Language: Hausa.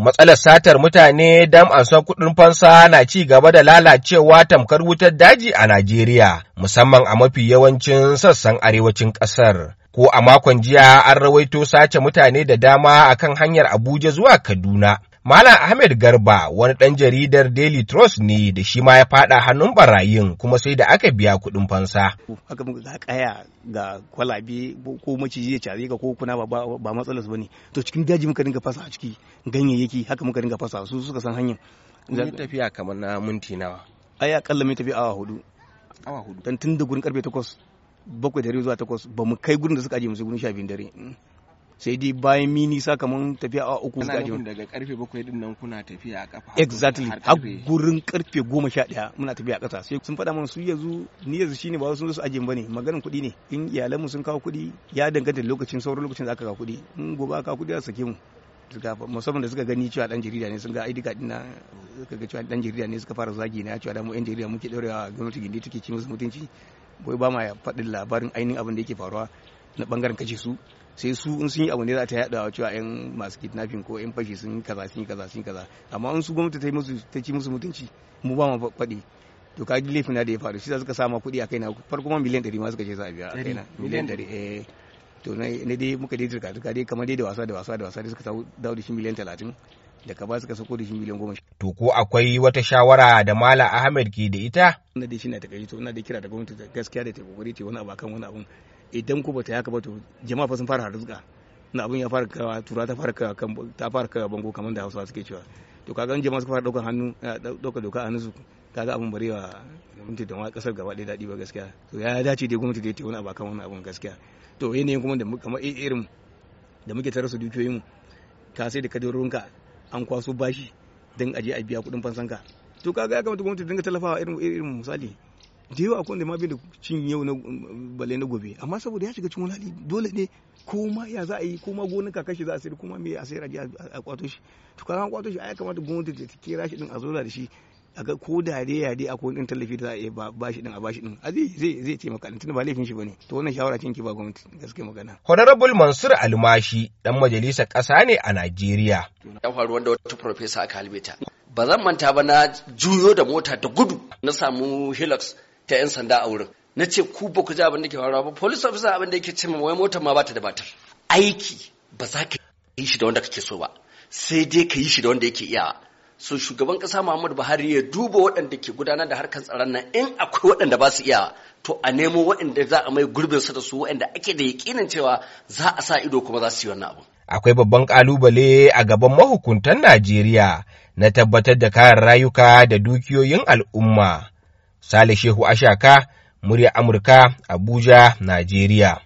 matsalar satar mutane dam an san kuɗin fansa na ci gaba da lalacewa tamkar wutar daji a Najeriya, musamman a mafi yawancin sassan arewacin ƙasar. Ko a makon jiya an rawaito sace mutane da dama akan hanyar Abuja zuwa Kaduna, Malam Ahmed Garba wani ɗan jaridar Daily Trust ne da shi ma ya faɗa hannun barayin kuma sai da aka biya kuɗin fansa. Aka muka za kaya ga kwalabe ko maciji ya care ka ko kuna ba matsalar ba ne. To cikin daji muka dinga fasa a ciki ganyayyaki haka muka dinga fasa su suka san hanyar. Zan tafiya kamar na minti nawa. Ai akalla mai tafiya awa hudu. Awa hudu. Dan tun da gurin karfe takwas bakwai dare zuwa takwas ba mu kai gurin da suka aje mu sai gurin sha biyun dare. sai dai bayan mini sa kamar tafiya a uku ana nufin daga karfe bakwai din nan kuna tafiya a kafa exactly a gurin karfe goma sha daya muna tafiya a kasa. sai sun faɗa mana su yanzu ni yanzu shine ba sun zo su ajiye bane maganar kuɗi ne in iyalanmu sun kawo kuɗi ya danganta lokacin sauran lokacin da aka kawo kuɗi in gobe aka kawo kuɗi za su sake mu musamman da suka gani cewa dan jarida ne sun ga aidika dina suka ga cewa dan jarida ne suka fara zagi na cewa da mu yan jarida muke daurewa gwamnati gindi take ci musu mutunci bai ba ma faɗin labarin ainihin abin da yake faruwa na bangaren kashe su sai su in sun yi abu ne za ta yi yada cewa yan masu kidnapping ko yan fashi sun kaza sun kaza sun kaza amma in su gwamnati ta yi musu ta ci musu mutunci mu ba mu faɗi to ka ji laifin da ya faru shi za suka sama kuɗi a kai na farko ma miliyan ɗari ma suka ce za a biya a na miliyan ɗari eh to na dai muka dai turka turka dai kamar dai da wasa da wasa da wasa da suka dawo da shi miliyan talatin da ka ba suka sako da shi miliyan 10 to ko akwai wata shawara da mala ahmed ke da ita na dai shi na takaici to ina dai kira da gwamnati gaskiya da ta kokari ce wani abu akan wani abu idan ko bata yaka ba to jama'a fa sun fara harzuka na abin ya fara kawa tura ta fara kawa ta fara kawa bango kamar da Hausawa suke cewa to kaga in jama'a suka fara daukan hannu dauka eh, doka hannu su kaga abin barewa gwamnati da ma kasar gaba ɗaya daɗi ba gaskiya to ya dace dai gwamnati dai ta wani abu wani wannan abun gaskiya to yanayin kuma da kamar irin da muke tare su dukiyoyin mu ka sai da ka an kwaso bashi dan aje a biya kuɗin fansanka to kaga ya kamata gwamnati dinga talafawa irin irin misali da yawa akwai wanda ma bai da cin yau na bale na gobe amma saboda ya shiga cikin wani hali dole ne ko ma ya za a yi ko ma gonin kaka shi za a sayar ko ma me a sayar a kwato shi to kaga kwato shi ai kamata gwamnati ta kira shi din a zo da shi a ga ko da dai ya dai akwai wani tallafi da za a yi ba shi din a ba shi din a zai zai ce maka tunda ba laifin shi bane to wannan shawara kin ki ba gwamnati gaskiya magana honorable mansur almashi dan majalisar kasa ne a Najeriya ya faru wanda wata professor aka halbeta ba zan manta ba na juyo da mota da gudu na samu hilux ta 'yan sanda a wurin na ce ku ba ku ji abin da ke faruwa ba police officer abin da yake ce wai motar ma ba ta da batar aiki ba za ka yi shi da wanda kake so ba sai dai ka yi shi da wanda yake iya so shugaban kasa Muhammadu Buhari ya duba waɗanda ke gudanar da harkar tsaron nan in akwai waɗanda ba su iya to a nemo waɗanda za a mai gurbin su da su waɗanda ake da yaƙinin cewa za a sa ido kuma za su yi wannan abu akwai babban ƙalubale a gaban mahukuntan Najeriya na tabbatar da kayan rayuka da dukiyoyin al'umma Sale Shehu Ashaka, murya Amurka, Abuja, Najeriya.